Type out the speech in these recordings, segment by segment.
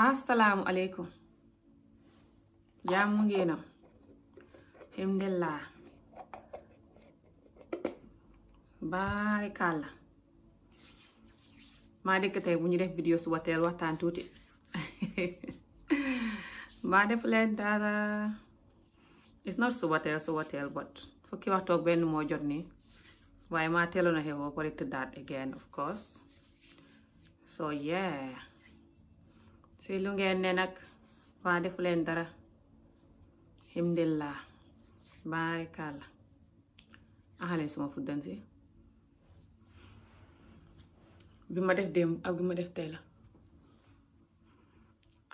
assalamu alaikum. Ya ngenam hemdella barikalla maa dëkk tey bu def vidéo su teel waxtaan tuuti maa def leen dara it's not suba teel suba teel but fukki waxtu ak ben moo jot nii waaye maa teeloon a xewoo pare again of course so yeah si lu ngeen ne nag waa defu leen dara alhamdulillah baarikàlla axale suma fuddan si bi ma def démb ak bi ma def tey la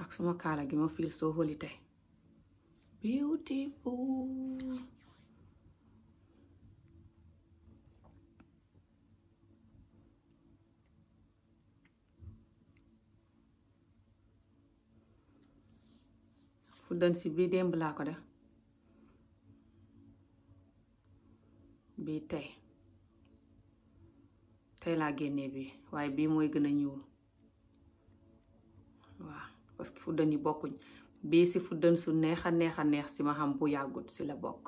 ak suma kaala gi ma fiil soo holi tey beautiful fuddansi bi démb laa ko def bii tey tey laa génnee bii waaye bii mooy gën a ñuul waaw parce que fuddan yi bokkuñ bii si fuddan su neex a neex si ma xam bu yàggut si la bokk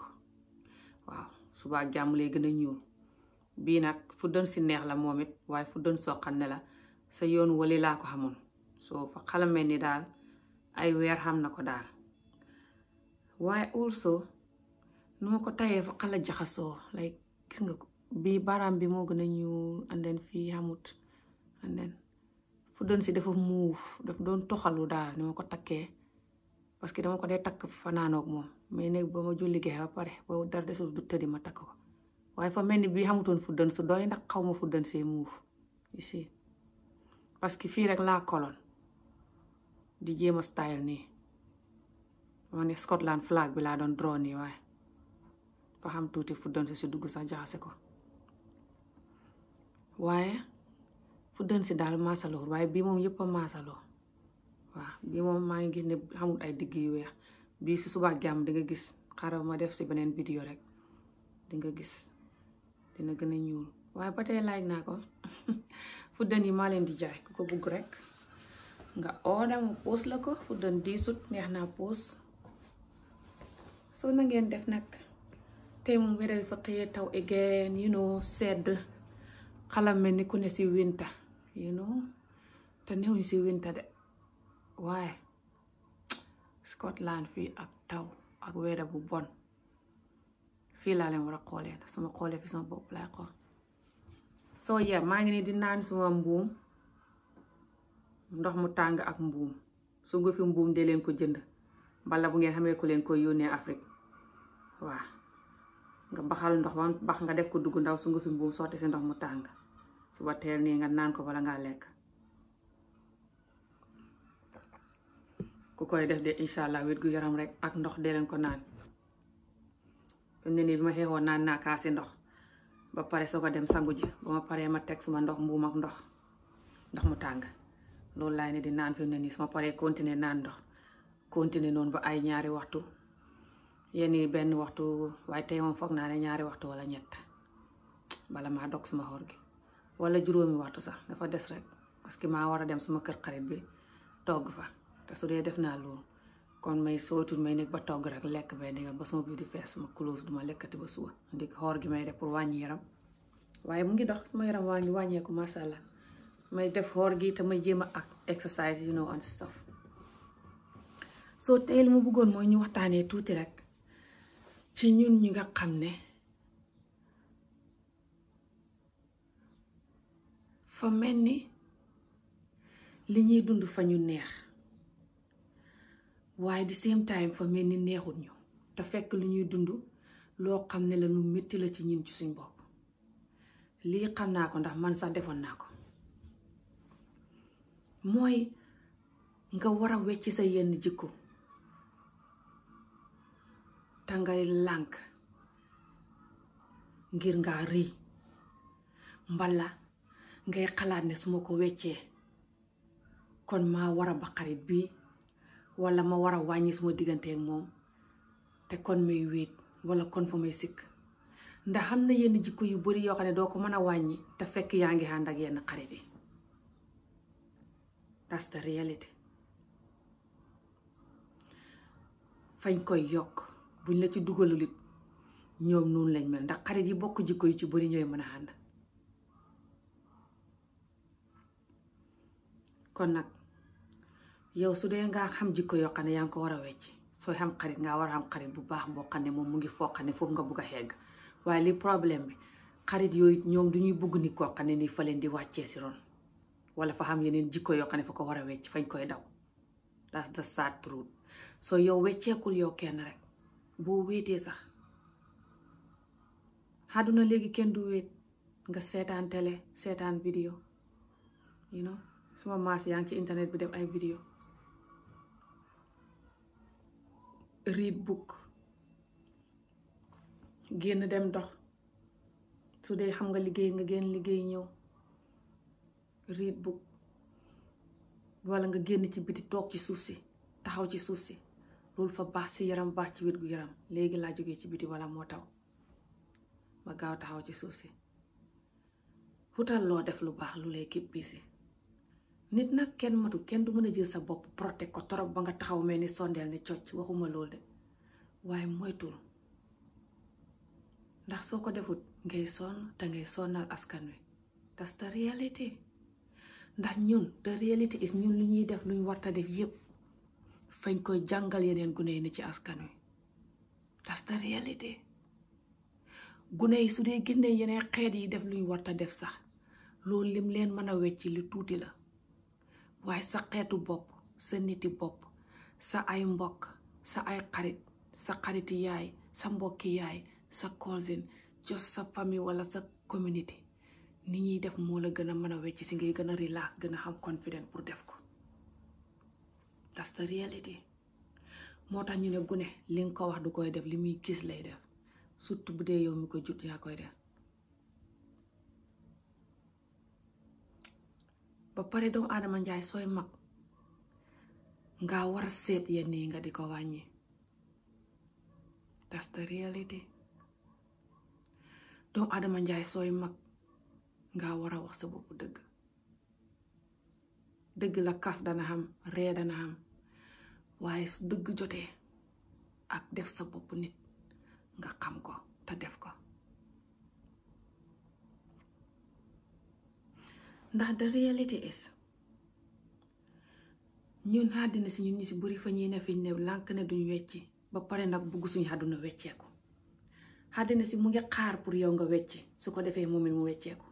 waaw subaa jàmm lay gën a ñuul bii nag fuddan si neex la moom it waaye fuddan soo xam la sa yoon wali laa ko xamoon soo fa xalamee ni daal ay weer xam na ko daal waaye also nu ma ko tayee fa xala jaxasoo like gis nga ko bii baaraam bi moo gën a ñuul and then fii xamut and fu doon si dafa muuf daf doon toxalu daal ni ma ko takkee parce que dama ko dee takk fanaanoog moom mais néeg ba ma julli liggéey ba pare boo dara desul du tëddi ma takk ko waaye fa mel ni bii xamutoon fu dën su doy ndax xaw ma fu dën see muuf parce que fii rek laa koloon di jéem a style nii woni scotland flag bi laa doon draw nii waaye fa xam tuuti don si dugg sax jaxase ko waaye food daal maasaloo waaye bii moom yëpp a masalo waaw bii moom maa ngi gis ne xamul ay digg yu weex bii si subaa jàmm di nga gis xaaral ma def si beneen rek di nga gis dina gën a ñuul waaye ba tey nako naa ko yi di jaay ku ko bugg rek nga oo dama poos la ko fuddan diisut neex naa poos soo na ngeen def nag tey moom weral fa xëyee taw again you sedd xalam mel ni ku ne si winter you know te newuñ si winter de waaye Scotland fii ak taw ak weera bu bon fii laa leen war suma xoolee fi sama bopp laay xool soo yee maa ngi nii di naan suma mbuum ndox mu tàng ak mbuum su nga fi mbuum de leen ko jënd bala bu ngeen xamee ku leen ko yónnee Afrique waaw nga baxal ndox ba bax nga def ko dugg ndaw su fi mbuum sotti si ndox mu tàng suba teel nii nga naan ko bala ngaa lekk ku koy def de incha allah wér gu yaram rek ak ndox dee leen ko naan fi ne nii bi ma xeexoon naan naa kaasi ndox ba pare soo ko dem sangu ji ba ma paree ma teg suma ndox mbuum ak ndox ndox mu tàng loolu laay ne di naan fi mu ne nii suma paree continuer naan ndox continuer noonu ba ay ñaari waxtu Yani ben benn waxtu waaye tey moom foog naa ne ñaari waxtu wala ñett bala maa dog sama xoor gi wala juróomi waxtu sax dafa des rek parce que maa war dem suma kër xarit bi togg fa te su def kon may sootul may nekk ba togg rek lekk bay dinga ba sama biir di fees sama close duma lekkati ba suba ndik xoor gi may def pour wàññi yaram waaye mu ngi dox sama yaram allah may def horgi gi te may jéem ak exercise you know and stuff so tey li mu bëggoon mooy ñu waxtaanee rek ci ñun ñi nga xam ne fa mel ni li ñuy dund fa ñu neex waaye di same time fa mel ni neexut ñu te fekk li ñuy dund loo xam ne la lu metti la ci ñun ci suñ bopp lii xam naa ko ndax man sax defoon naa ko mooy nga war a wecc sa yenn jikko te ngay lànk ngir nga rëy mbala ngay xalaat ne su ma ko weccee kon maa war ba xarit bi wala ma war a wàññi suma diggante moom te kon may wéet wala kon fa may sikk ndax xam na yenn jikko yu bari yoo xam ne doo ko mën a wàññi te fekk yaa ngi ànd ak yenn xarit yi that's the fañ koy yokk buñ la ci dugalul it ñoom noonu lañ mel ndax xarit yi bokk jikko yi ci bëri ñooy mën a ànd kon nag yow su dee nga xam jikko yoo xam ne yaa ngi ko war a wecc sooy xam xarit nga war a xam xarit bu baax boo xam ne moom mu ngi foo xam ne foofu nga bugg a xegg waaye li problème bi xarit yooyu ñoom du ñuy bugg koo xam ne nii fa leen di wàccee si ron wala fa xam yeneen jikko yoo xam ne fa ko war a wecc fañ koy daw that's the sad truth so yow wecceekul yow kenn rek boo wéetee sax na léegi kenn du wéet nga seetaan télé seetaan vidéo you suma maas yaa ci internet bi dem ay vidéo read book génn dem dox su dee xam nga liggéey nga génn liggéey ñëw read book wala nga génn ci biti toog ci suuf si taxaw ci suuf si loolu fa baax si yaram baax ci wér gu yaram léegi laa jógee ci biti wala moo taw ma gaaw taxaw ci loo def lu baax lu lay képp ken nit ken kenn matu kenn du mën a jël sa bopp proté ko torop ba nga taxaw ni ni cocc waxuma loolu de waaye moytul ndax soo ko defut ngay sonn te ngay askan wi that's the reality ndax ñun the reality is ñun lu def luñ warta def yépp fañ koy jàngal yeneen gune yi ne ci askan wi that's the gune yi su dee génnee yeneen xeet yi def luñ warta def sax loolu lim leen mën a wecci lu tuuti la waaye sa xeetu bopp sa niti bopp sa ay mbokk sa ay xarit sa xariti yaay sa mbokki yaay sa cousin jos sa famille wala sa community ni ñuy def moo la gën a mën a wecc si ngay gën a relax gën a xam confident pour def ko that's the reality mota tax ñu ne gune li kawah ko wax du koy def li gis lay def surtout bu dee yow mi ko jut yaa koy def ba pare doomu aadama njaay sooy mag nga war a seet nga di ko that's the reality do ada njaay sooy mak nga war a wax sa bopp dëgg la kaf dana dana waaye su dëgg jotee ak def sa bopp nit nga xam ko te def ko ndax da reality is ñun àddina si ñun ñu si bëri fa ñuy ne fi ne lànk ne duñ wecc ba pare nag bugg suñu àdduna wecceeku àddina si mu ngi xaar pour yow nga wecc su ko defee moom it mu wecceeku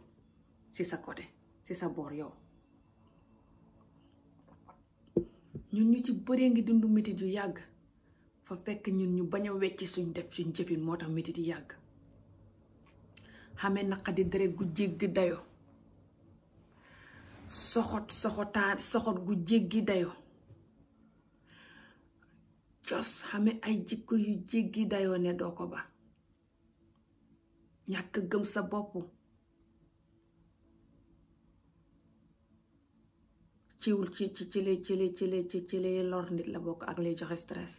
ci sa côté ci sa boor yow ñun ñu ci bëree ngi dundu métit yu yàgg fa fekk ñu ñu bañ a wecci suñ def suñ jëfin moo tax métit yi yàgg xamee naqadi deret gu jéggi dayo soxot soxotaat soxot gu jéggi dayo cos xame ay jikko yu jéggi dayoo ne doo ko ba ñàkk gëm sa bopp ciwul ci ci ci lay ci ci ci ci lor nit la bokk ak lay joxe stress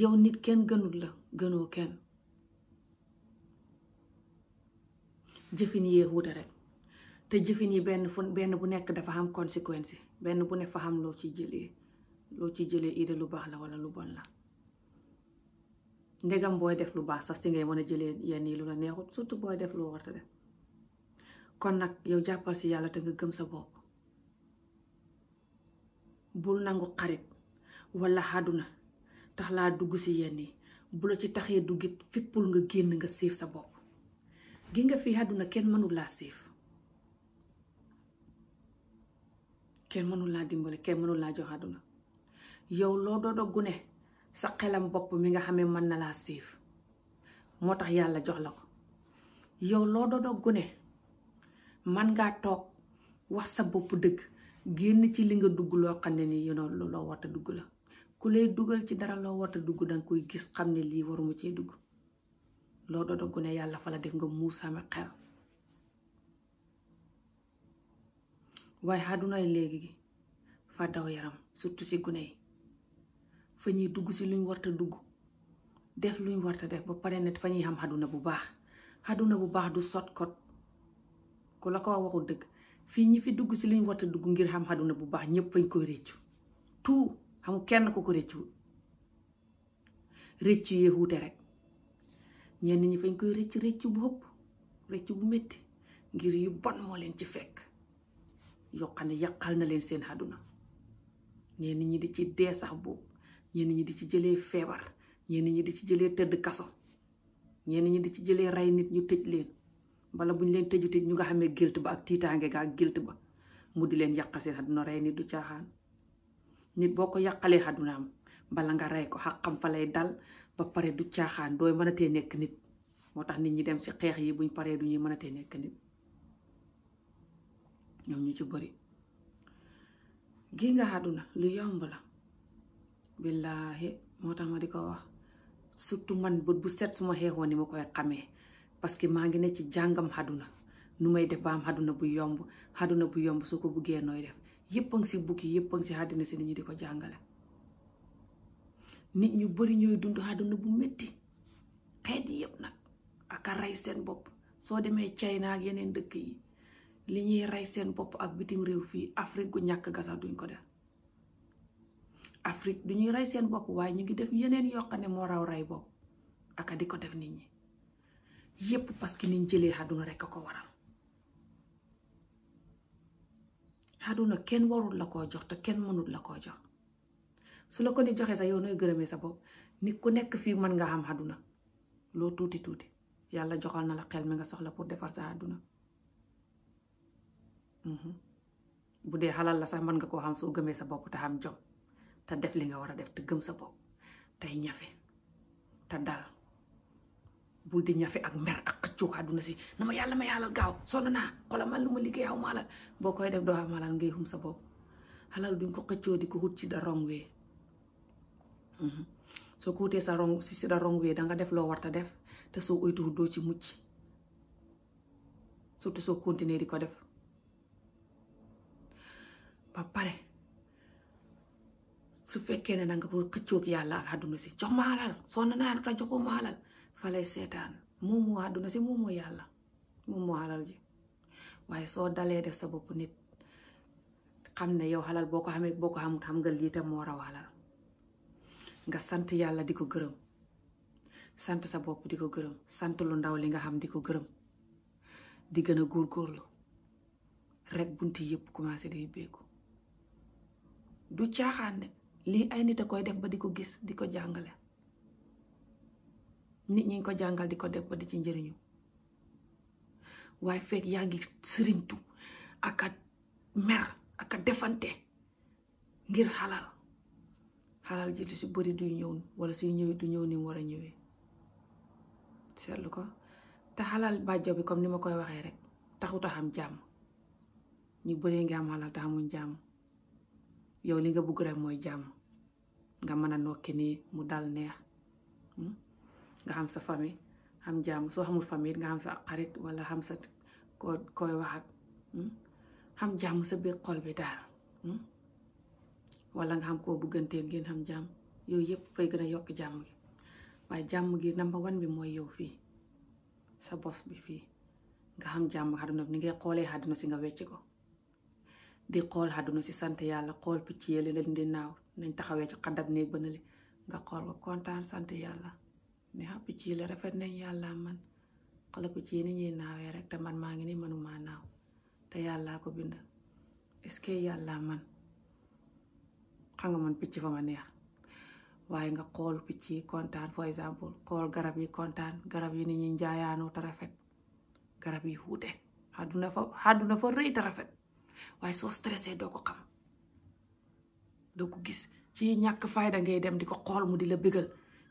yow nit kenn gënul la gënoo ken jëfin yee wuute rek te jëfin yi benn fu bu nekk dafa am conséquence ben bu ne fa am loo ci jëlee loo ci jëlee idée lu baax la wala lu bon la ndegam booy def lu baax sax si ngay mën a jëlee yi lu la neexut surtout def lu warta def kon nag yow jàppal si yàlla te nga gëm sa bul nangu xarit walla àdduna tax laa dugg ci yenn yi bu la ci taxee duggit fippul nga génn nga séef sa bopp gi nga fi àdduna kenn mënul laa séef kenn mënul laa dimbale kenn mënul laa jox àdduna yow loo doodo gune sa xelam bopp mi nga xamee mën na laa séef moo tax yàlla jox la ko yow loo doodo gune man ngaa toog wax sa bopp dëgg génn ci li nga dugg loo xam ne ni yoon loo warta dugg la ku lay dugal ci dara loo warta dugg danga koy gis xam ne lii waruma cee dugg loo dodogu ne yàlla fa la def nga muusaame xel waaye àddunay léegi gi fa daw yaram surtout si gune yi fa ñuy dugg si luñ warta dugg def luñ warta def ba pare net fa ñuy xam àdduna bu baax àdduna bu baax du sotkot ku la ko waxul dëgg fii ñi fi dugg si liñ war dugg ngir xam àdduna bu baax ñépp fañ koy réccu tout xamu kenn ko ko réccu réccu yee wuute rek ñenn ñi fañ koy réccu réccu bu ëpp réccu bu metti ngir yu bon moo leen ci fekk yoo xam ne yàqal na leen seen àdduna ñenn ñi di ci dee sax boobu ñenn ñi di ci jëlee feebar ñenn ñi di ci jëlee tëdd kaso ñenn ñi di ci jëlee rey nit ñu tëj leen. bala bu ñu leen tëju tëj ñu nga xamee gilt ba ak tiitaange ga gilt ba mu di leen yàqal seen xaduna rey nit du caaxaan nit boo ko yàqalee xadunaam bala nga rey ko xaqam fa lay dal ba pare du caaxaan dooy mënatee nekk nit moo tax nit ñi dem ci xeex yi buñ paree du ñuy mënatee nekk nit ñoom ñu ci bëri gi nga xaduna lu yomb la billaahi moo tax ma di ko wax surtout man bët bu set suma xeexoon ni ma koy xamee parce que maa ngi ne ci jàngam haduna nu may def ba am xaduna bu yomb bu yomb def si buki, yépp si xadina si nit ñi di ko jàngale nit ñu bari ñooy dund xaduna bu metti xeet yépp nak. ak a rey seen bopp soo demee China ak yeneen dëkk yi li ñuy rey seen bopp ak bitim réew fii Afrique gu ñàkk gasa duñ ko def Afrique du ñuy seen bopp waaye ñu ngi def yeneen yoo ne raw rey aka di def nit ñi yépp parce que niñ jëlee àdduna rekk ko waral àdduna kenn warul la koo jox te kenn mënul la koo jox su la ko ni joxee sa yow nooy gërëmee sa bopp nit ku nekk fii nga loo tuuti tuuti yàlla joxal na la xel mi nga soxla pour defar sa àdduna mhm. bu dee xalal la sax mën nga koo xam soo gëmee sa bopp te jom te def li nga war a def te gëm sa bopp tey ñafe te dal bul di ñafe ak mer ak xëccoo àdduna si nama ma yàlla ma yàllal gaaw sonn naa xola man lu liggéey aw maalal boo def doo am alal ngay xum sa bopp alal duñ ko xëccoo di ko wut ci da rong wee mhm. soo ko wutee sa rong da rong wee da nga def loo warta def te soo oytu doo ci mucc surtout soo continuer di ko def ba pare su fekkee ne na nga ko xëccoog yàlla ak àdduna si jox ma alal sonn naa fa setan mumu moom moo mumu si mumu halal yàlla moom moo alal ji waaye soo dalee def sa bopp nit xam ne yow xalal boo ko xamee boo ko xamut xam nga lii tam moo nga di ko gërëm sa di ko gërëm lu ndaw li nga xam di ko di gën a góorgóorlu rek bunti yëpp commencé di yibbeeku du caaxaan li lii ay nit a koy def ba di gis di nit ñi ko jàngal di ko def ba di ci njëriñu waaye fekk yaa ngi sëriñtu ak a mer ak a defante ngir xalal xalal ji du si bëri duy ñëw wala suy ñëwee du ñëw ni mu war a ñëwee seetlu ko te xalal bàjjo bi comme ni ma koy waxee rek taxut a xam jàmm ñu bëree nga am xalal te xamuñ jàmm yow ni nga bugg rek mooy jàmm nga mën a nokki nii mu dal neex hmm? nga xam sa famille am jàmm soo xamul famille nga xam sa xarit wala xam sa koy wax ak hmm? xam jàmm sa biir xol bi daal hmm? wala nga xam ko bugganteel ngeen xam jàmm yooyu yëpp fay gën a yokk jàmm gi waaye jàmm gi number one bi mooy yow fii sa bos bi fii nga xam jàmm àdduna bi ni ngay xoolee àdduna si nga wecc ko di xool àdduna si sant yàlla xool picc yële leen di naaw nañ taxawee ci xaddab néeg ba na li nga xool ko kontaan sant yàlla ne picc yi la rafet nañ yàlla man xale picc ci ni ñuy naawee rek te man maa ngi ni mënuma naaw te yàllaa ko bind est-ce que yàlla man xam nga man picc fa ma neex waaye nga xool picc yi kontaan for exemple xool garab yi kontaan garab yi ne ñuy njaayaanoo ta rafet garab yi wuute àdduna fa àdduna fa rëy te rafet waaye soo stressé doo ko xam doo ko gis ci ñàkk fayda ngay dem di ko xool mu di la bégal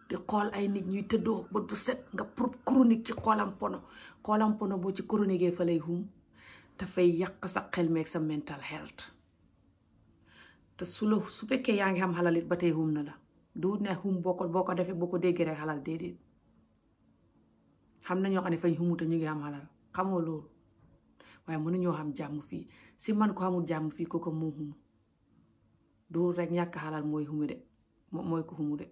di xool ay nit ñuy tëddoo bët bu set nga pour chronique ci xoolam pono xoolam pono boo ci chronique fa lay hum dafay yàq sa xel sa mental health te su su fekkee yaa ngi xam xalal ba tey hum na la du ne hum boo ko boo ko defee boo ko déggee rek xalal déedéet xam na ñoo xam ne fañ humu te ñu ngi am xalal xamoo lool waaye mënuñoo xam jàmm fii si man ko xamul jàmm fii kooku moo humu du rek ñàkk xalal mooy humu de mooy ko humu de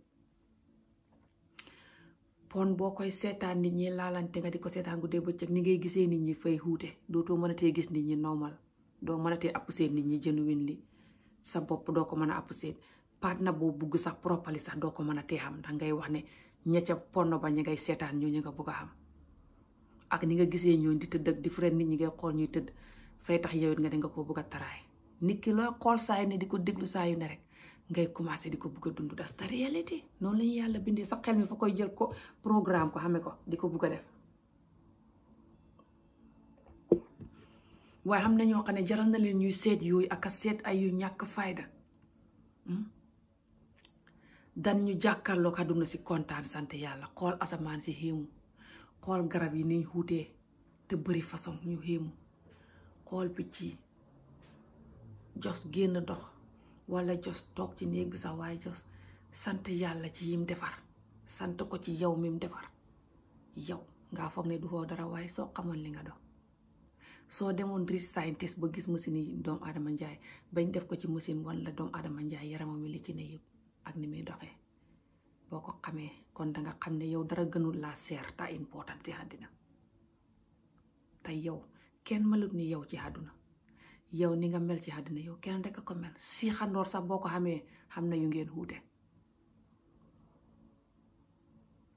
Pon boo setan seetaan nit ñi laalante nga di ko seetaan guddee bëccëg ni ngay gisee nit ñi fay xuute dootoo mënatee gis nit ñi normal doo mana app seen nit ñi jënuwin li sa bopp doo ko mën a app seen partner boo bugg sax propali sax doo ko mën a tee xam ndax ngay wax ne ña ca ba ngay seetaan ñooñu nga bugg xam ak ni nga gisee ñooñu di tëdd ak different nit ñi ngay xool ñuy tëdd fay tax yow nga ne nga ko bugg a nit ki ne ne rek ngay commencé di ko bëgg a dund das ta noonu la yàlla bindee sa xel mi fa koy jël ko programme ko xamee ko di ko bëgg def waaye xam na ñoo xam ne jaral na leen ñuy seet yooyu ak a seet ay yu ñàkk fayda hmm? dan ñu jàkkaarloo ko àdduna si kontaan sant yàlla xool asamaan si xéemu xool garab yi niñ xuutee te bari façon ñu xéemu xool picc yi jos génn dox wala just toog ci néeg bi sax waaye just sant yàlla ci yim defar sant ko ci yow mim defar yow nga foog ne du xoo dara waaye soo xamoon li nga scientist ba gis machine dom doomu aadama njaay bañ def ko ci machine wan la doomu aadama njaay yaramam li ci ne yëpp ak ni muy doxee boo ko xamee kon danga xam ne yow dara gënul laa seer ta important ci yow kenn malut ni yow ci àdduna yow ni nga mel ci àddina yow kenn rek a ko mel si xandoor sax boo ko xamee xam na yu ngeen wuute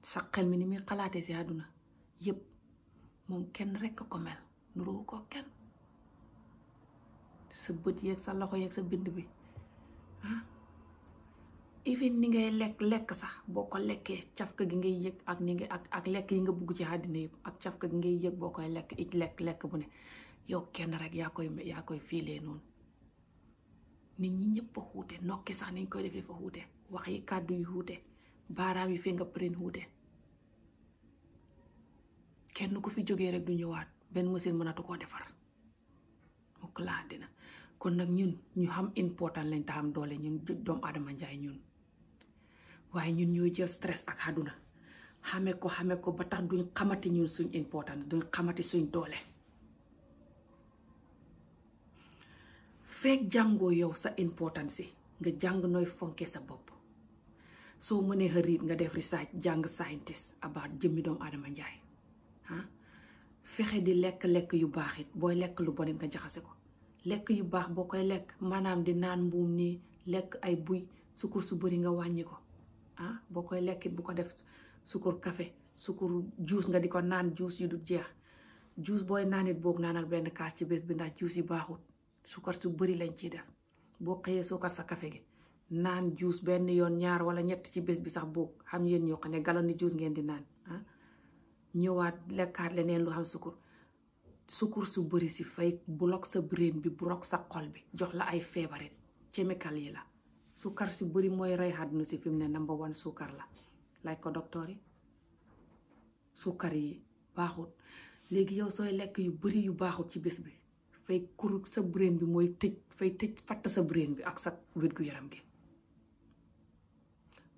sa xel mi ni muy xalaatee si àdduna yépp moom kenn rek ko mel nuroo ko kenn sa bët yeeg sa loxo yeeg sa bind bi ah even ni ngay lekk lekk sax boo ko lekkee caf gi ngay yëg ak ni nga ak ak lekk yi nga bugg ci àddina yëpp ak cafka gi ngay yëg boo koy lekk it lekk lekk bu ne yow kenn rek yaa koy yaa koy fiilee noonu nit ñi ñëpp a xuute nokki sax niñ koy defee fa xuute wax yi kàddu yu xuute baaraam yi nga fingerprint xuute kenn ku fi jógee rek du ñëwaat benn machine mënatu koo defar mu laa dina kon nag ñun ñu xam important lañ taxam doole ñun doomu aadama njaay ñun waaye ñun ñooy jël stress ak àdduna xame ko xamee ko ba tax duñ xamati ñun suñ importance duñ xamati suñ doole fekk jàngoo yow sa importance si nga jàng nooy fonke sa bopp soo mënee xëriit nga def research scientist about jëmmi doomu aadama njaay ah fexe di lekk lekk yu baax it booy lu bon it nga jaxase ko lekk yu baax boo koy lekk di naan mbuum nii lekk ay buy sukur su bëri nga wàññi ko ah. bu ko def sukur café sukur juice nga di ko naan juus yu du jeex juus booy naan it boog naanal benn kaas ci bi ndax yu sukar su bari lañ ciy def sukar sa café jus naan juus walanya yoon ñaar wala ñett ci bés bi sax boog xam yéen ñoo xam galon ni ngeen di naan ah ñëwaat leneen lu xam sukur sukur su bari si fay block sa brain bi block sa xol bi jox la ay chemical yi la sukar si bari mooy rey àdduna ne number one sukar la laaj ko docteur yi sukar yi baaxut léegi yow sooy lekk yu bari yu baaxut ci bi Fay kur sa brain bi mooy tëj fay tëj fatt sa brain bi ak sa wér gu yaram gi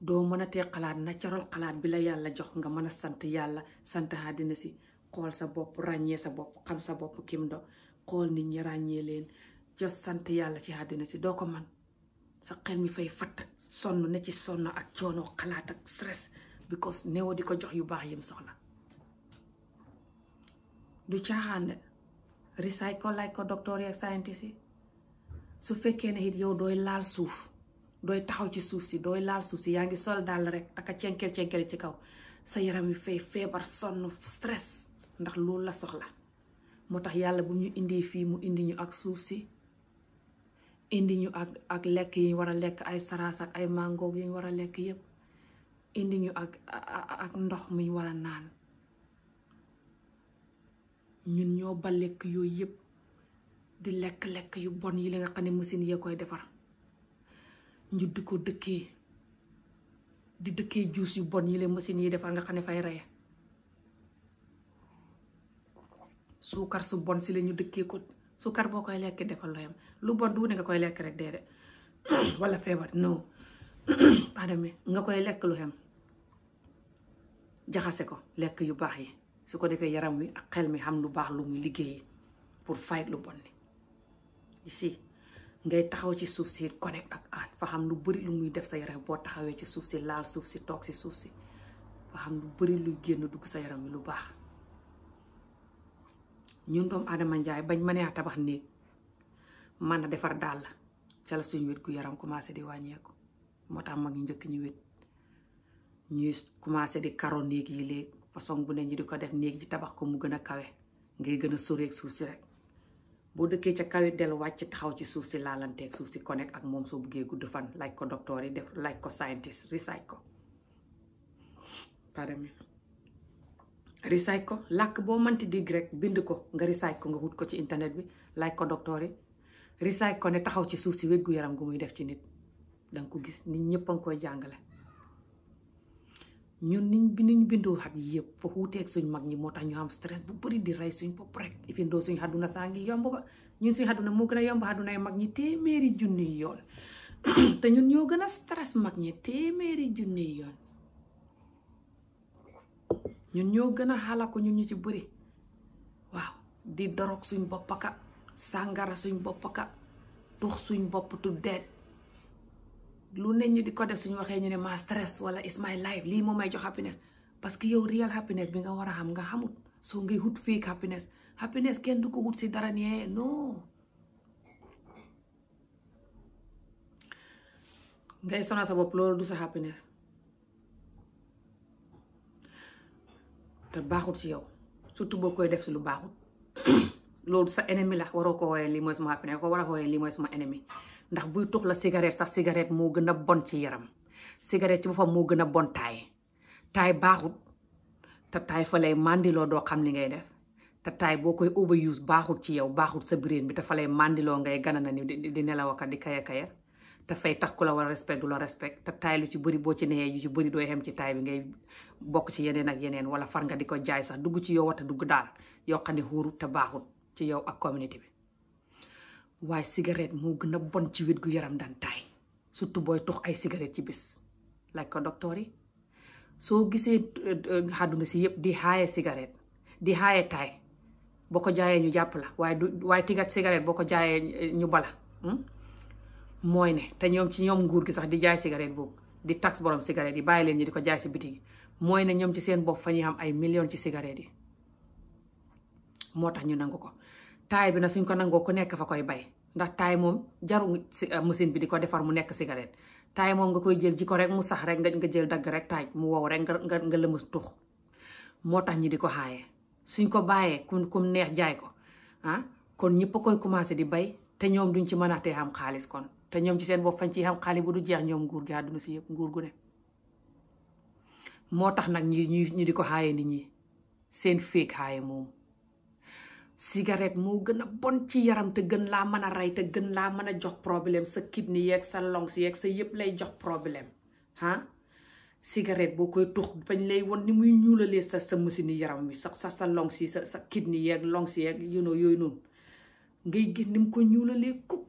doo mën a tee xalaat natural xalaat bi la yàlla jox nga mën a sant yàlla sant àddina si xool sa bopp ràññee sa bopp xam sa bopp kim do xool nit ñi ràññee leen jos sant ci si ko man sa xel mi fay fat, sonn ne ci sonn ak ak stress because néew di ko jox yu baax yim soxla du recycle like ko docteur yi ak scientist yi su fekkee ne it yow dooy laal suuf dooy taxaw ci suuf si dooy laal suuf si yaa ngi sol daal rek ak a cenkel cenkel ci kaw sa yaram wi fay feebar sonn stress ndax loolu la soxla moo tax yàlla bu ñu indee fii mu indi ñu ak suuf si indi ñu ak ak lekk yi war a lekk ay saraas ay mangoog yi war a lekk yépp indi ñu ak ak ndox mu war a naan ñun ñoo ba lekk yooyu yëpp di lek lek yu bon yi li nga xam ne machine yee koy defar ñu di ko di dëkkee juus yu bon yi la machine yi defar nga xam fay reye suukar su bon si la ñu dëkkee ko suukar boo koy defal loo lu bon du ne nga koy lekk rek dee de wala feebar non pardon nga koy lek lu jaxase ko lek yu baax yi su ko defee yaram wi ak xel mi xam lu baax lu muy liggéey pour fight lu si ngay taxaw ci suuf si connect ak aat fa xam lu bari lu muy def sa yaram boo ci si laal suuf si toog si suuf si fa xam lu bari luy génn dugg sa yaram wi lu baax ñun doom adama njaay bañ ma nee tabax néeg man a defar daal la la suñu gu yaram commencé di wàññeeku moo mag ñu ñuy commencé di façon bu ne ñi di ko def néeg ji tabax ko mu gën a kawe ngay gën a sóoreeg suusi rek boo dëkkee ca kawe del wàcc taxaw ci suuf si laalanteeg suuf si connect ak moom soo buggee gudd fan laaj ko docteur yi def laaj ko scientist research ko pardon research ko làkk boo manti digg rek bind ko nga research ko nga wut ko ci internet bi laaj ko docteur yi research ko ne taxaw ci suuf si wér gu yaram gu muy def ci nit danga ko gis nit ñëpp a ngi koy jàngale ñun niñ bi niñ bindoo xat yi yëpp fa wuuteeg suñ mag ñi moo tax ñu am stress bu bëri di rey suñ bopp rek ifin doo suñ xaduna saa ngi yomb ba ñun suñ xaduna moo gën a yomb xaduna mag ñi téeméeri junni yoon te ñun ñoo gën a stress mag ñi téeméeri junni yoon ñun ñoo gën a xalaku ñun ñu ci bëri waaw di dorog suñ boppaka sàngara suñ boppaka tux suñ bopp tu deet lu nyu ñu di ko def suñu waxee ñu ne ma stress wala is my life limo moo jox happiness parce que yow real happiness bi nga war xam nga xamut soo ngay wut fake happiness happiness kenn duku hut wut si dara nee no ngay sonal sa bopp du sa happiness te baaxut si yow surtout boo def si lu baaxut loolu sa ennemi la waroo ko limo lii mooy happiness ko war limo wooyee lii mooy ennemi ndax buy tux la cigarette sax cigarette moo gën a bon ci yaram cigarette ci boppam moo gën a bon taay taay baaxut te taay fa lay mandiloo doo xam li ngay def te taay boo koy overuse baaxut ci yow baaxut sa brain bi te fa lay mandiloo ngay ganana ni di nelaw ak di kaya kaya te fay tax ku la war a respect du la respect te taay lu ci bëri boo ci nexee yu ci bëri dooy xem ci taay bi ngay bokk ci yeneen ak yeneen wala far nga di ko jaay sax dugg ci yow wata dugg daal yoo xam te baaxut ci yow ak communauté bi waaye cigarette moo gën a bon ci wér gu yaram daan taay surtout booy tux ay cigarette ci bés laaj ko docteur yi soo gisee euh, euh, àdduna si yëpp di xaaye cigarette di xaaye boo ko jaayee ñu jàpp la waaye du waaye tingat cigarette boo ko jaayee ñu bala hmm? mooy ne te ñoom ci ñoom nguur gi sax di jaay cigarette boobu di tax borom cigarette yi bàyyi leen ñi di ko jaay si biti mooy ne ñoom ci seen bopp fa ñuy am ay millions ci cigarette yi moo tax ñu nangu ko taay bi na suñ ko nangoo ku nekk fa koy bay ndax taay moom jaru euh, machine bi di ko defar mu nekk cigarette taay moom nga koy jël ji ko rek mu sax rek nga nga jël dagg rek taaj mu wow rek nga nga lëmas moo tax ñi di ko xaaye suñ ko bàyyee kum kum neex jaay ko ah kon ñëpp koy commencé di bay te ñoom duñ ci mën a tee xaalis kon te ñoom ci seen bopp fañ ciy xam xaalis bu du jeex ñoom nguur gi àdduna si yëpp nguur gu moo tax nag ñi ñu di ko xaaye nit ñi seen féeg xaaye moom cigarette moo gën a bon ci yaram te gën laa mën a rey te gën laa mën a jox problème sa kidney yeeg sa lungs yeeg sa yëpp lay jox problème ah cigarette boo koy tux bañ lay won ni muy ñuulalee sa sa mësini yaram wi sa sa sa lungs sa sa kidney yeeg lungs yeeg you know yooyu noonu ngay gis nim ko ñuulalee kuk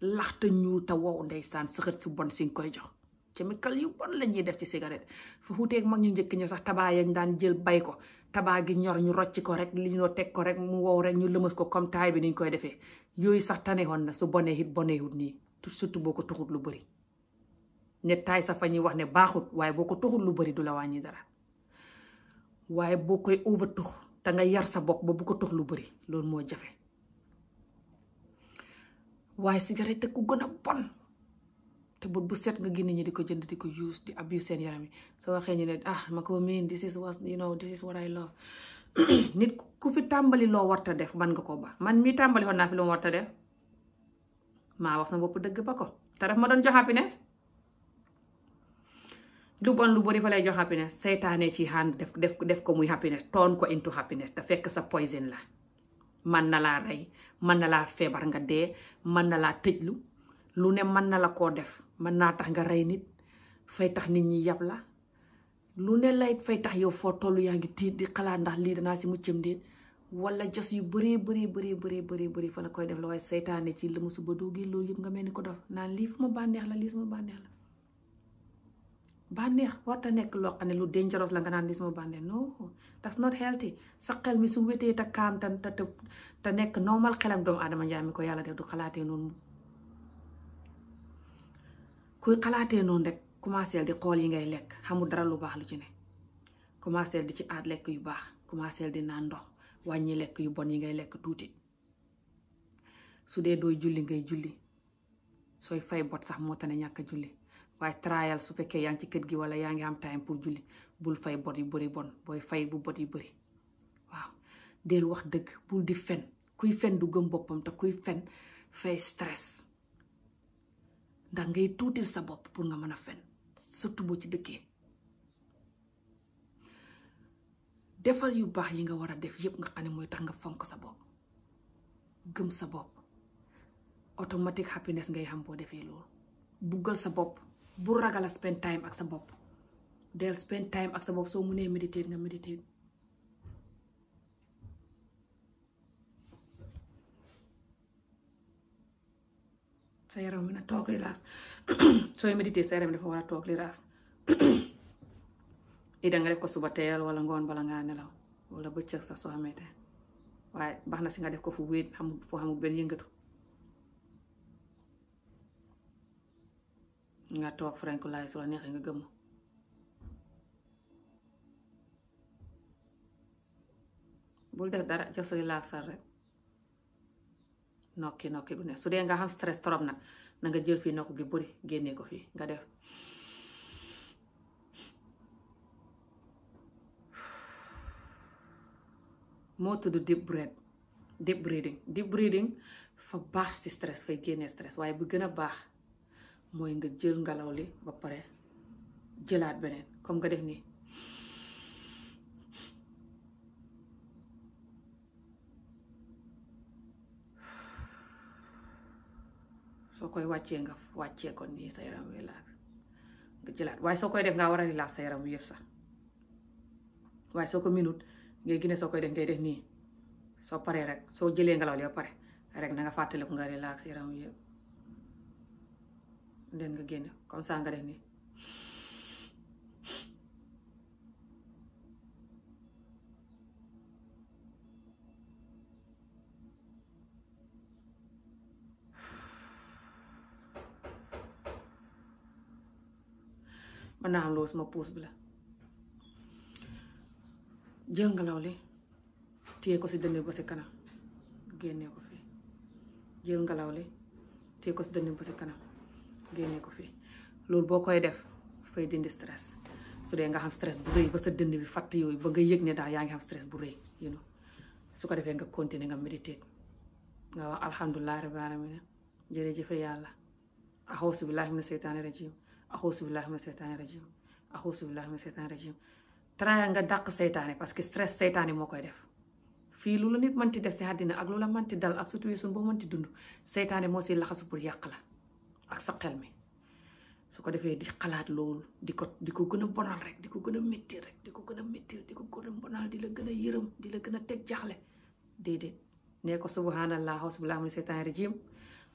laxte ñuul te wow ndeysaan sëxët si bon si nga koy jox chemical yu bon la ñuy def ci cigarette fu xuteeg mag ñu njëkk ña sax tabaay yañ daan jël bay ko tabaa gi ñor ñu rocc ko rek li ñoo teg ko rek mu rek ñu lëmas ko comme taay bi niñ koy defee yooyu sax taneexoon na su bonee it boneewut nii surtout boo ko tuxut lu bari ne taay sa fa ñuy wax ne baaxut waaye boo ko tuxut lu bari du la wàññi dara waaye boo koy over tux te yar sa bokk ba bu ko tux lu bari loolu mooy jafe waaye cigarette ku gën a bon te bu bu set nga génne ñi di ko jënd di ko use di abuse seen yaram yi soo waxee ñu ah ma ko this is what you know this is what I love nit ku fi tàmbali loo warta def man nga ko ba man mi tàmbali woon naa fi lu ma warta def maa wax sama bopp dëgg ba ko te daf ma doon jox happiness lu bon lu bari fa lay jox happiness seytaane ci hand def def def ko muy happiness toon ko into happiness te fekk sa poison la man na laa rey man na laa feebar nga dee man na laa tëjlu lu ne man na la koo def mën naa tax nga rey nit fay tax nit ñi yab la lu ne lay fay tax yow foo toll yaa tiit di xalaat ndax lii danaa si muccam déet wala jos yu bëree bëri bëri bëri bëri bëri fa la koy def la waaye seytaane ci la musu ba duggee loolu yëpp nga mel ko dof naan lii la la warta ne lu dangerous la nga naan lii sama no that's not healthy sa xel mi su wétee ta kaam te te normal xelam doomu aadama njaay mi ko yàlla def du kuy xalaatee noonu rek commencé di xool yi ngay lekk xamul dara lu baax lu ci ne commencé di ci aat lekk yu baax commencé di naan ndox wàññi lekk yu bon yi ngay lekk tuuti su dee dooy julli ngay julli sooy fay bot sax moo tane ñàkk julli waaye trial su fekkee yaa ngi ci kër gi wala yaa ngi am time pour julli bul fay bot yu bari bon booy fay bu bot yu bari waaw del wax dëgg bul di fen kuy fen du gëm boppam te kuy fen fay stress ndax ngay tuutil sa bopp pour nga mën a fen surtout boo ci dëkkee defal yu baax yi nga war a def yépp nga xam ne tax nga fonk sa bopp gëm sa bopp automatic happiness ngay xam boo defee loolu buggal sa bopp bu ragal spend time ak sa bopp del spend time ak sa bopp soo mënee méditer nga méditer sa yaram wi na toog relax sooy méditer sa yaram dafa war a toog relax lii da nga def ko suba teel wala ngoon bala ngaa nelaw wala bëccëg sax soo xamee tey waaye baax si nga def ko fu wéet xam foo xamul benn yëngatu nga toog frank laay su la nga gëmm bul def dara jox sa relaxal rek eh nokki nokki gu ne su yang nga xam stress trop nag na nga jël fii nokk bi bëri génnee ko fii nga def deep breath deep breathing deep breathing fa baax si stress fay génnee stress waaye bu gën a baax mooy nga jël ngelaw li ba pare jëlaat beneen comme nga def ni soo koy wàccee nga wàccee ko nii sa yaram relax nga jëlaat waaye soo koy def ngaa war a relax sa yaram yëpp sax waaye soo ko minute ngay gine soo koy def ngay def nii soo paree rek soo jëlee ngelaw li ba pare rek na nga fàttaliku nga relax yaram yëpp den nga génne comme ça nga def nii mën naa am loolu sama puus bi la jël ngelaw li téye ko si dënn ba si kanam génnee ko fii jël ngelaw li téye ko si dënn ba si kanam génnee ko fii loolu boo koy def fay dindi stress su dee nga xam stress bu rëy ba sa dënn bi fatt yooyu ba nga yëg ne daal yaa ngi xam stress bu rëy su ko defee nga continuer nga méditer nga wax alhamdulilah rabbil alamin jërëjëf yàlla axawsu billahi mina seytaani rajim axusubillahi mina seytaani rejim. axusubillahi mina seytaani rejim. traa nga dak seytaane parce que stress seytaane mo koy def fii lu la nit mënti def si àddina ak lu la mënti dal ak surtout suñ boo mënti dund seytaane moo si laxasu pour la ak sa xel mi di xalaat loolu di ko di ko gën bonal rek di ko gën rek di ko gën di ko gën bonal di la gën di la gën a teg jaxle déedéet nee ko subhanallah xawsubillahi mina seytaani rajim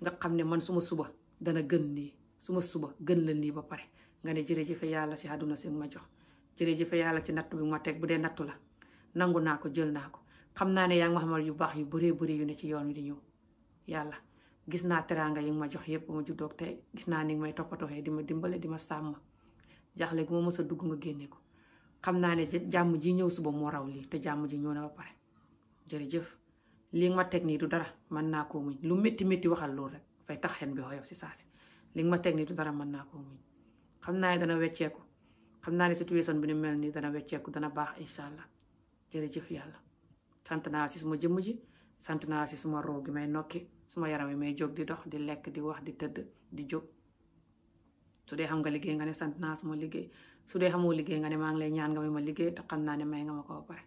nga ne man suma suba dana gën su ma suba gën la lii ba pare nga ne jërëjëfe yàlla ci àdduna si ma jox jërëjëfe yàlla ci natt bi ma teg bu dee nattu la nangu naa ko jël naa ko xam naa ne yaa ngi ma yu baax yu bëree bëri yu ci yoon di ñëw yàlla gis naa teraanga yi ma jox yépp ma juddoog tey gis naa ni may toppatooxee di ma dimbale di ma sàmm jaaxle gu ma mës dugg nga génne ko xam naa ne jàmm ji ñëw suba moo raw lii te jàmm ji ñëw na ba pare jërëjëf lii ma teg nii du dara mën naa koo muñ lu metti métti waxal loolu rek fay tax xen bi xoyof si saasi li ma teg ni du dara mën naa muñ e dana wecceeku xam naa ne situation bi ni mel ni dana wecceeku dana bah incha allah jërëjëf yàlla sant naa si suma jëmm ji sant naa si suma roo gi may nokki suma yaram e may di dox di lek, di wax di tëdd di jog. su dee xam nga liggéey nga ne sant naa suma liggéey su dee xamoo liggéey nga ne maa ngi lay ñaan nga may ma liggéey te xam naa ne may nga ma ko pare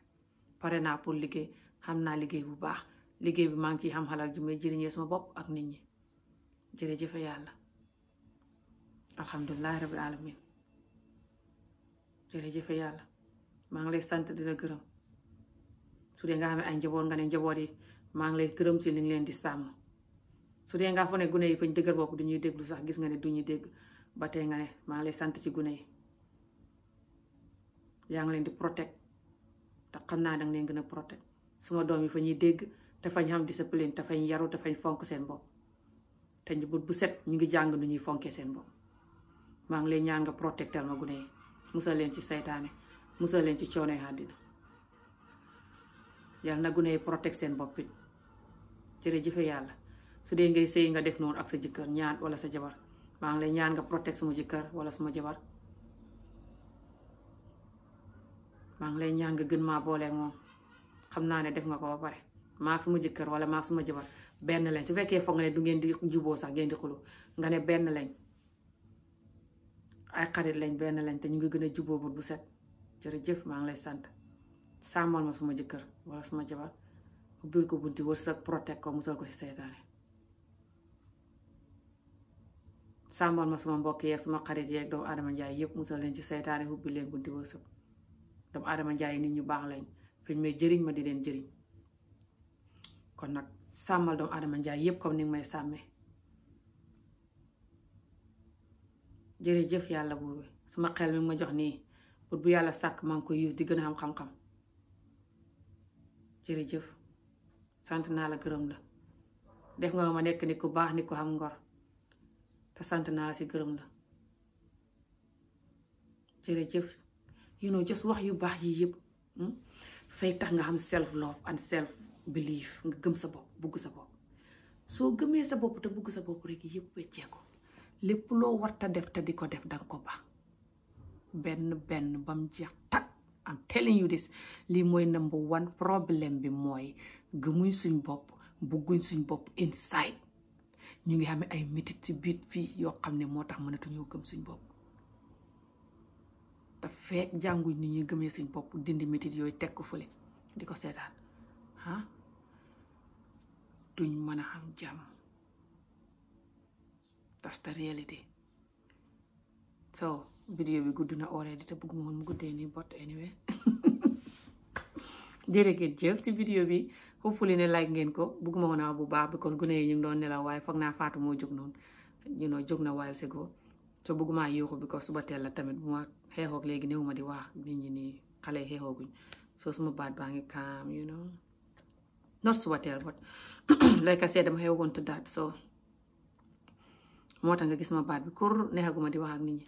pare naa pour liggéey xam naa liggéey bu baax liggéey bi maa ngi ciy xam xalal ju may jëriñee sama bopp ak nit ñi jërëjëf yàlla alhamdulilah rabil alamin jërëjëfe yàlla maa ngi lay sant di la gërëm su dee nga xam ne ay njaboot nga ne njaboot yi maa ngi lay gërëm si li nga leen di sàmm su dee nga fa gune yi fañ dëgër bopp duñuy déglu sax gis nga ne duñuy dégg ba tey nga ne maa ngi lay sant ci gune yi yaa ngi leen di protect te xam naa danga leen gën a protect suma doom yi fa ñuy dégg te fañ xam discipline te fañ yaru te fañ fonk seen bopp te bu set ñu ngi jàng nu ñuy fonkee seen bopp maa ngi lay ñaan nga protectal ma gune musal leen ci seytaane musal leen ci coonoy àddina yàlla na gune yi protect seen bopp it jërëjëfe yàlla su dee ngay sëy nga def noonu ak sa jëkkër ñaan wala sa jabar maa ngi lay ñaan nga protect suma jëkkër wala suma jabar maa ngi lay ñaan nga gën maa booleeg moom xam naa ne def nga ko ba pare maak suma jëkkër wala maak suma jabar benn lañ su fekkee foog nga ne du ngeen di juboo sax ngeen di xulu nga ne benn lañ ay xarit lañ benn lañ te ñu ngi gën a bu set jërëjëf maa ngi lay sant sàmmal ma suma jëkkër wala suma jabar ubbil ko bunti wërsëg protect ko musal ko si seytaane sàmmal ma suma mbokk yeeg suma xarit musal leen ci seytaane ubbil leen bunti wërsëg doomu aadama njaay nit ñu baax lañ fiñ may jëriñ ma di leen jëriñ kon nag sàmmal doomu comme ni may sàmmee jërëjëf yàlla buur bi suma xel mi ma jox nii pour bu yàlla sàkk maa ngi koy use di gën am xam-xam sant la gërëm la def nga ma nekk ni ku baax nit ku am ngor sant la si gërëm la jërëjëf you know just wax yu baax yi yëpp hmm? fay tax nga self love and self belief nga gëm sa bopp so sa bopp soo gëmee sa bopp te bugg sa bopp rek lépp loo warta def te di ko def danga ko ba ben benn bam jeex tak telling you this lii number one problem bi mooy gëmuñ suñ bopp bugguñ suñ inside ñu ngi xamee ay métit ci biit fii yoo xam ne moo tax mënatuñoo gëm suñ bopp te feek jànguñ ni ñuy gëmee suñ bopp dindi métit ko di ko seetaan ah duñ mën a xam that's the so vidéo bi gudd na already te bëgguma woon mu guddee nii but anyway jërëjëf jëf ci vidéo bi hopefully ne like ngeen ko bëgguma woon a bu baax because gune yi ñu nelaw waaye foog naa faatu moo jóg noonu you know jóg na while ago so bëgguma yóoxu because suba tamit bu ma ma di wax nit ñi nii suma baat baa ngi calm you know suba teel but like I said dama xeexoon to that so moo tax nga gis ma baat bi kur neexaguma di wax ak nit ñi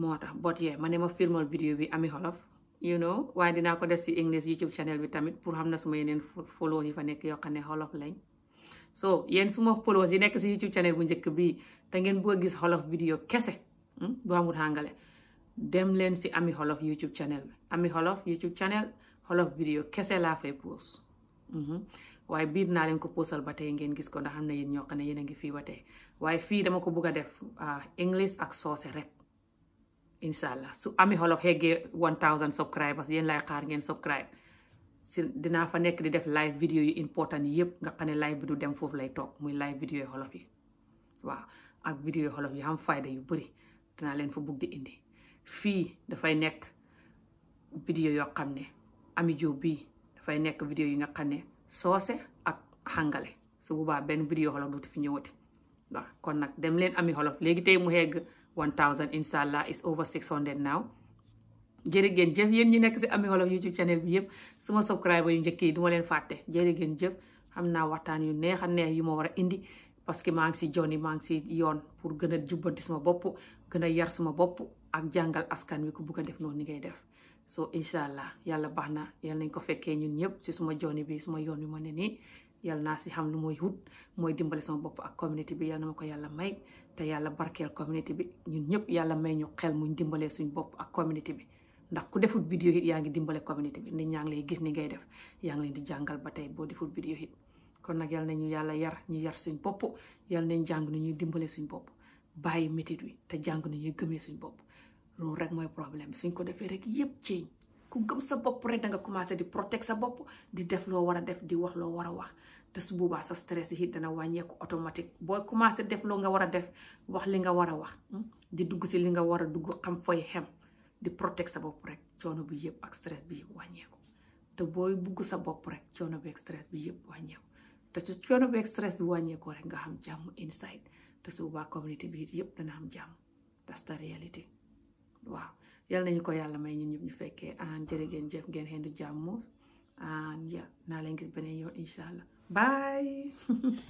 moo tax bot yee ma ne ma filmal vidéo bi ami xolof yoono know waaye dinaa ko def si english youtube channel bi tamit pour xam na suma yeneen follow yi fa nekk yoo xam ne xolof lañ so yéen suma followers yi nekk si youtube channel bu njëkk bi te ngeen bëgg a gis xolof vidéo kese bu hmm, amul hàngale dem leen si ami xolof youtube channel bi ami xolof youtube channel xolof vidéo kese laa fay post hmm. waaye biir naa leen ko posal ba tey ngeen gis ko ndax am na yéen ñoo xam ne yéen a ngi fi ba tey waaye fii dama ko bugg a def ah, english ak soose rek incha allah su ami xolof xeggee one thousand subscribers yéen lay xaar ngeen subscribe si dinaa fa nekk di def live vidéo yu important yëpp nga xam ne live bi du dem foofu lay toog muy live vidéo yu xolof yi waaw ak vidéo yu xolof yi am fayda yu bëri dinaa leen fa bugg di indi fii dafay nekk vidéo yoo xam ne ami joo bii dafay nekk vidéo yi nga xam soose ak xàngale su boobaa benn vidéo xolof dootu fi ñëwati waaw kon nag dem leen ami xolof léegi tey mu hegg one thousand incha allah is over six hundred now jërë ngeen jëf yéen ñu nekk si ami xolof youtube channel bi yëpp suma subscriber yu njëkk yi du leen fàtte jërë ngeen jëf xam naa waxtaan yu neex a neex yu ma war a indi parce que maa ngi si joni maa ngi si yoon pour gën a jubbanti suma bopp gën a yar suma bopp ak jàngal askan wi ku bugg a def noonu ni ngay def so inshallah yàlla baax na yàlla nañ ko fekkee ñun ñëpp ci suma jooni bi suma yoon bi ma ne nii yàlla naa si xam lu mooy wut mooy dimbale sama bopp ak community bi yàlla na ma ko yàlla may te yàlla barkeel community bi ñun ñëpp yàlla may ñu xel muñ dimbalee suñ bopp ak community bi ndax ku defut video hit yaa ngi dimbale community bi nit ñaa yang lay gis ni ngay def leen di jàngal ba defut hit kon nag yàlla nañu yàlla yar ñu yar suñ bopp yàlla nañ jàng ni ñuy dimbale suñ bopp bàyyi métit wi te jàng suñ loolu rek problem, problème suñ ko defee rek yëpp change ku gëm sa bopp rek da nga di protect sa bopp di def lo wara def di wax lo wara a wax te su boobaa sa stress yi dana wàññeeku automatique booy commencé def lo nga wara def wax li nga war wax di dugg si li nga war dugg xam xem di protect sa bopp rek coono bi yëpp ak stress bi yëpp wàññeeku te booy bugg sa bopp rek coono bi ak stress bi yëpp wàññeeku te su coono bi ak stress bi wàññeeku rek nga xam inside te su boobaa community bi yëpp dana am jàmm that's the reality waaw yal nañu ko yàlla may ñu ñëpp ñu fekkee an jërë ngeen jëf ngeen xendu jàmm an ya naa leen gis beneen yoon incha allah bye